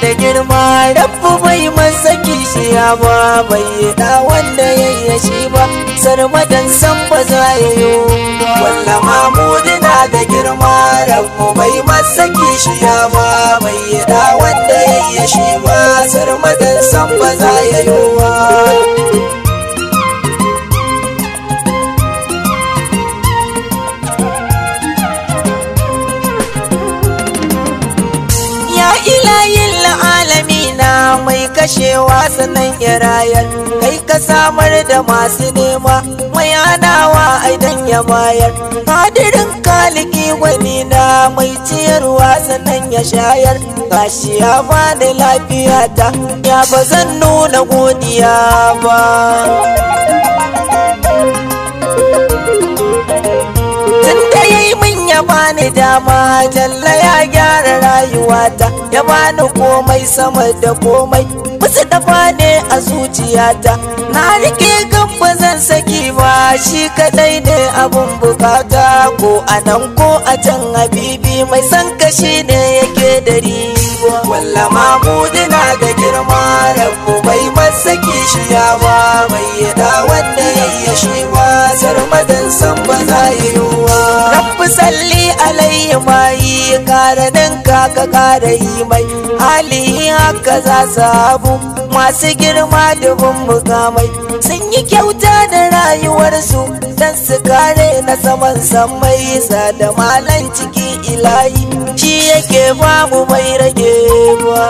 da girma rabu bai masa ya ba bai da wanda ya shi ba sarmadan san ba za ya yi walla mamudina da girma rabu bai masa ya ba bai da wanda ya shi ba sarmadan san ba za ya yi mai kashewa sanan irayar kai ka samar da masu nema mai a idan ya bayar Hadirin kaliki gwani na mai ciyarwa sanan ya shayar gashi ya bani lafiyata ya ba zan nuna godiya ba ya bani dama jalla ya gyara rayuwata ya bani komai sama da komai musu dafa ne a zuciyata na rike gamba zan saki ba shi kadai ne abun bukata ko a nan ko a can habibi mai san kashi ne yake da riwa walla na da girma rabu bai shi kishiya ba mai yada wannan. shi ba madan san ba za yi yiwuwa rabbi salli alayhi mai kare ka ka kare yi mai hali haka za su masu girma dubin mukamai sun yi kyauta da rayuwarsu dan su kare na saman samai sa da malan ciki ilahi shi yake mu mai rage ba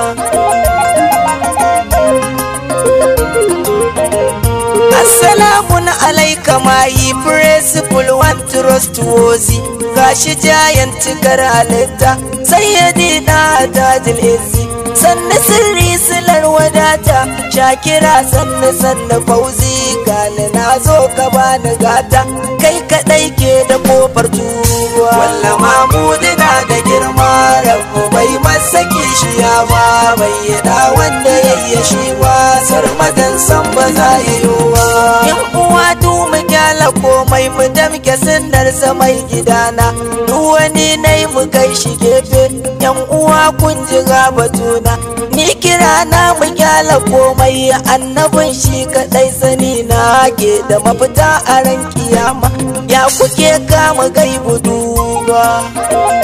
Salamun alaika mayi principal one trust wozi gashi jayan cikar halitta sayyadi na tajil izzi sanna sirri silar wadata shakira sanna sanna fauzi gani na zo ka bani gata kai kadai ke da kofar tuwa walla mamudi na da girma rabu bai shi ya ba bai yada wanda ya yi shi wasar madan san ba za yi yiwuwa yan uwa tu mu kyala komai mu damke sunnar mai gidana duk wani yi mu kai shi gefe yan uwa kun batuna ni kira na mu kyala komai annabin shi kadai sani na ke da mafita a ran kiyama ya kuke kama gaibu duba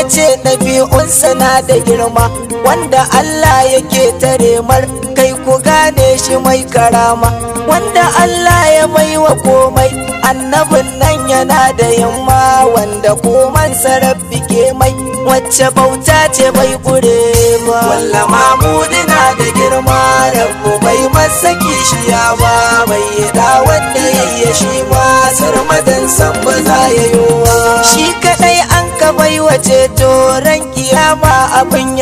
ya ce ɗabi'unsa na da girma wanda Allah yake tare mar kai ku gane shi mai karama wanda Allah ya mai wa komai annabin nan yana da yamma wanda koman sarabbi ke mai wacce bauta ce bai gure ba walla mamudina da girma rabbu bai masa kishiya ba bai da wanda yayi shi ba sarmadan san ba za ya yi shi kadai an ka wace toron kiyama abin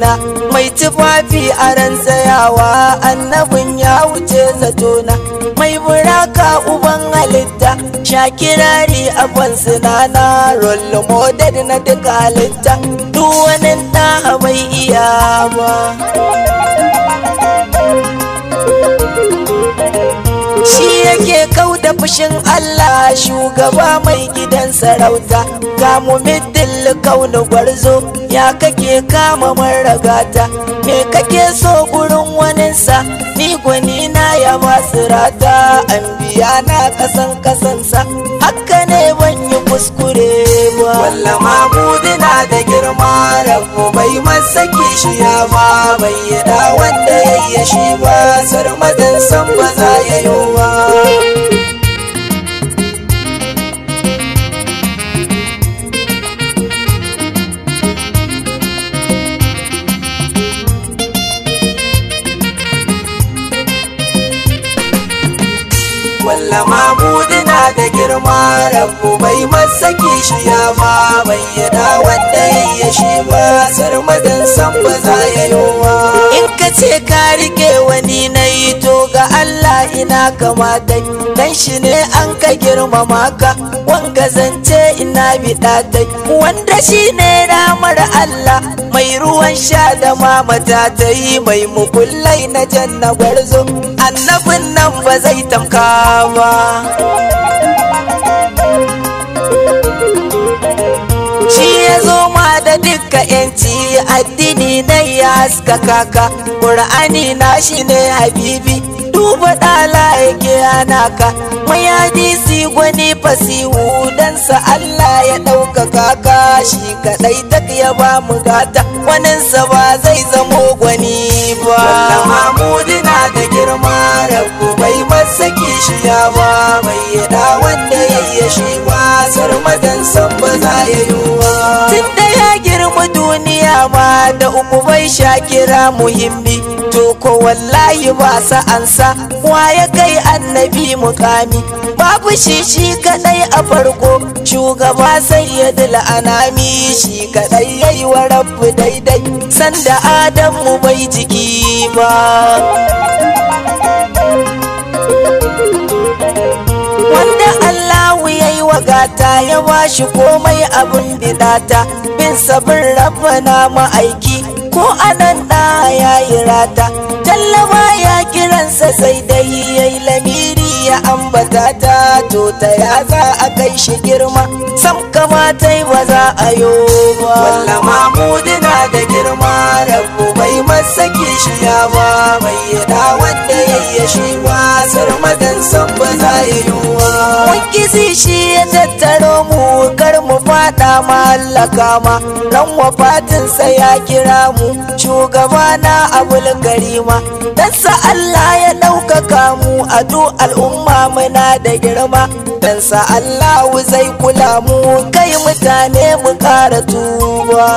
na mai tufafi a ran tsayawa annabin ya wuce zato na mai buraka uban halitta shakirari abin sinana role model na duka halitta duk wani ɗa bai iya ba shi yake da fushin Allah shugaba mai gidan sarauta ga mu kaunu gwarzo ya kake kama maragata me kake so gurin waninsa ni gwani na ya masu rata an biya na kasan kasansa haka ne ban yi kuskure ba wallama budina da girma rabu bai masa kishiya ba bai yi da wanda ya yi shi ba sarmadin san ba za ya yi ba malama na da girma rabu bai shi kishiya ma bayyana wanda ya shi ba sarmadan san ba za ya yi wa in ka ce ka rike wani na yi to ga Allah ina kama dan dan shi ne an ka girmama ka wanga zance ina dai wanda shi ne ramar Allah mai ruwan sha da mama ta yi mai mukullai na janna gwarzo annabin nan ba zai tamka ba shi ya zo ma da dukka yanci addini na ya haska kaka ƙura'ani na shi ne habibi duba ɗala yake hana ka mai hadisi gwani fasihu sa Allah ya ɗaukaka ka shi kaɗai tak ya ba mu gata sa ba zai zamo gwani ba Mahmudu na da girma rabu bai masa kishiya ba mai yada wanda yayyashi ba sarmadan san ba za umu bai sha kira muhimmi to ko wallahi ba sa'ansa wa ya kai annabi mukami babu shi shi kadai a farko shugaba sayyidul anami shi kadai yayi wa rabbu daidai sanda adamu bai jiki ba gata ya bashi komai abin bidata bin sabin na ma'aiki ko anan da ya yi rata tallaba ya kiransa sai dai yayi lamiri ya ambata ta to ta ya za a kai shi girma sam kamata ba za a yo ba walla da girma rabu bai masa ya ba bai yada wanda yayyashi wasar madan san ba yi yunwa. ubangiji shi ya tattaro mu kar mu fada mahallaka ma ran wafatinsa ya kira mu shugaba na abul karima sa Allah ya ɗaukaka mu a du al'umma muna da girma dansa Allah zai kula mu kai mutane mu kara tuba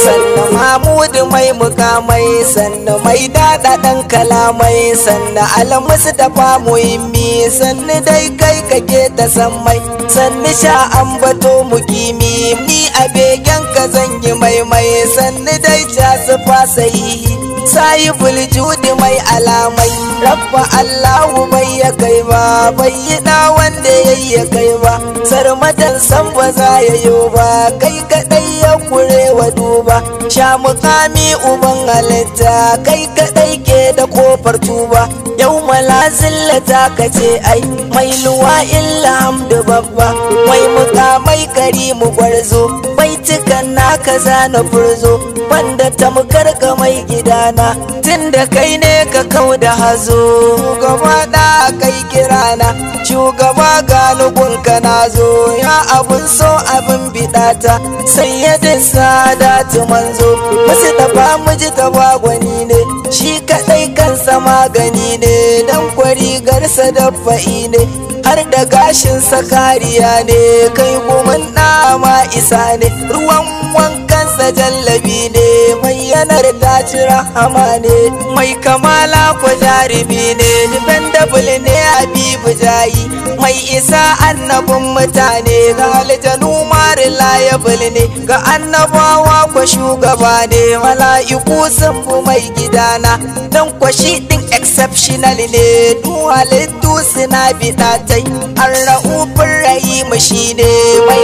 sallama mu kuɗi mai mukamai sannan mai daɗaɗan kalamai sannan alamusu da muhimmi sannan dai kai kake ta san mai, sannan sha an bato mukimi ni a begen ka zan yi maimai sannan dai ja su fasayi sayi judi mai alamai rabba allahu mai ya kai ba bayyana wanda ya ya kai ba sarmatan san ba za ya yi ba kai kaɗai ya kure wa duba sha mukami uban halitta kai kaɗai ke da kofar tuba yau malazilla ta kace ai mai luwa illa hamdu babba mai mukamai karimu gwarzo baitukan ka zana furzo banda tamkar ka mai gidana tunda kai ne ka kau da hazo shugaba da kai kirana shugaba galibin ka zo. ya abun so abin bidata da sadatu manzo Wasu tafa miji ta gwani ne shi kadai kansa magani ne dan yarsa da fa'i ne har da gashin sakariya ne kai goman nama isa ne ruwan wankan wankansa jallabi ne mai yanar ta ci rahama ne mai kamala ko jarumi ne dependable ne habibu jayi mai isa annabin mutane ga aljanu mari layabul ne ga annabawa ko shugaba ne mala'iku sun fi mai gidana dan kwashi din exceptional ne du halittu suna bidatai an ra'ufin rahimu shine mai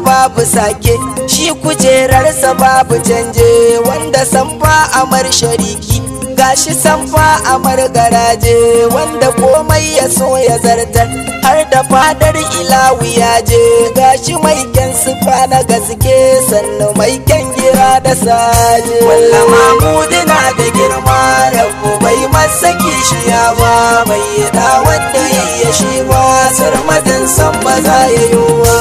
babu sake shi kujerarsa babu canje wanda samfa amar shariki gashi samfa amar garaje wanda komai ya so ya zartar har da fadar ilawu ya je gashi mai kyan sifa na gaske sannu mai kyan gira da saje walla na da girma rabu bai masa kishiya ba mai yi da wanda ya shi ba sarmadin san ba za yi wa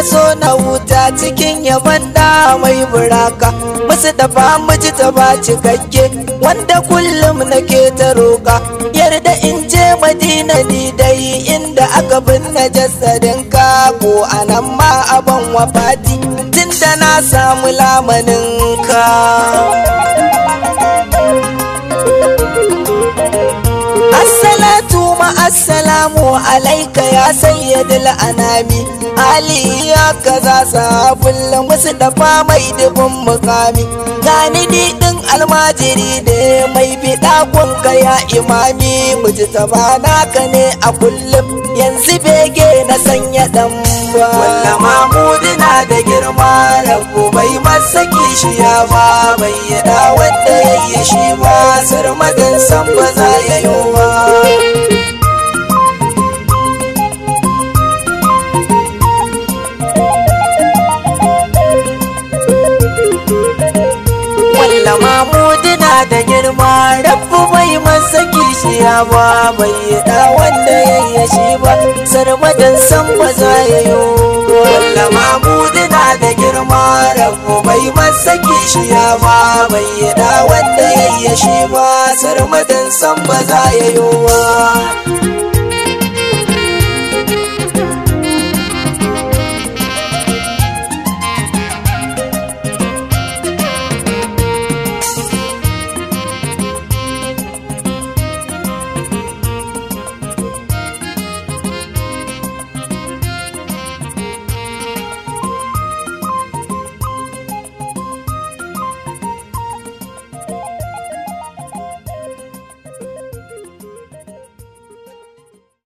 ya so na wuta cikin yaban da mai buraka musu da miji ta ba cikakke wanda kullum nake ta roka yarda in je madina ni dai inda aka binne jasadin ka ko anan ma aban wafati da na samu lamanin ka assalamu alaika ya sayyadul anami ali ya kaza sahabulla musu dafa mai dubun mukami gani din almajiri da mai bida kunka ya imami muji tabana ka ne a kullum yanzu bege na sanya dan ba walla mahmudi na da girma rabu bai shi ya ba bai yada wanda yayi shi ba magan san bazai Ba bai yi da wanda ya yi shi ba sarmadan san ba za ya yi wanda mamudina da girma rabu bai shi kishiya ba bai yi da wanda ya yi shi ba sarmadan san ba za ya yi wa